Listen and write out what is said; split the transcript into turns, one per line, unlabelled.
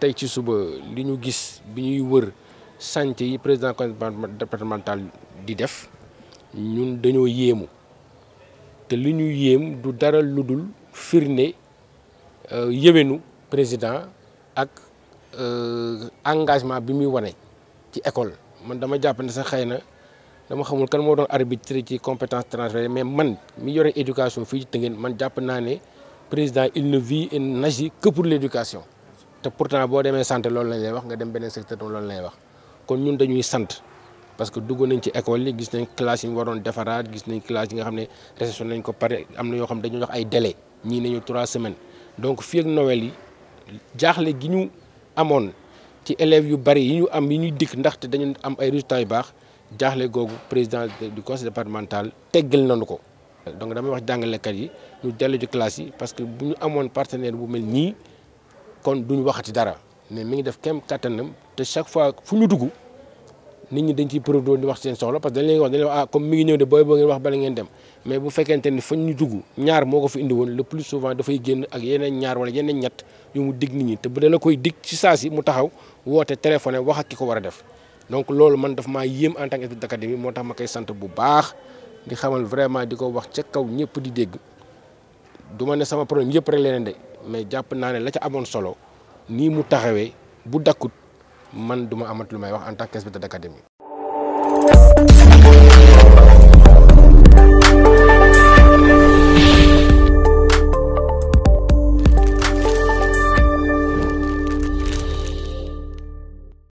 tey ci suba li ñu gis bi ñuy wër santé yi président conseil départemental di def ñun dañoo yéemu té li ñu yéem du dara lu firné firnde euh, yéwénu président ak euh, engagement bi muy wone ci école man dama jàpp ne sax xëy dama xamul kan mo doon arbitre ci compétence transférée mais man mi yoré éducation fi ci Tëngéen man japp na né président il ne vit et n'agit que pour l'éducation te pourtant boo demee santé loolu lañ lay wax nga dem beneen secteur tam loolu lay wax kon ñun dañuy sant parce que dugg nañ ci école yi gis nañ classe yi ñu waroon defaraat gis nañ classe yi nga xam récession, réception nañ ko pare am na yoo xam dañu jox ay délai ñii nañu trois semaines donc fii ak Noël yi jaaxle gi ñu ci élèves yu bari yi ñu am yi ñuy ndax ndaxte dañu am ay résultats yu baax jaxlé gogou président du conseil départemental téggal nañu ko. donc dama wax kat yi ñu dellu ci classe yi parce que bu ñu amoon partenaire bu mel nii. kon duñ waxati dara mais mi ngi def kem kattanam te chaque fois fu ñu dugg nit ñi dañ ci produire di wax seen soxla parce que dañ leen wax dañ ah, mi ngi ñëw de booy boo ngeen wax bala dem mais bu fekkente ni fañ ñu dugg ñaar moo ko fi indi woon le plus souvent ak yeneen ñaar wala yeneen ñett yu nit ñi te bu dee koy dig ci saa si mu taxaw woote téléphoné wax ak ki ko war a def donc loolu man daf maa yéem en tant que d'académie moo tax ma koy sant bu baax di xamal vraiment di ko wax ca kaw ñëpp di dégg du ma ne sama problème yëpp rek leneen de mais jàpp naa ne la ca amoon solo nii mu taxawee bu dakkut man duma amat lu may wax en tant que inspecteur d'académie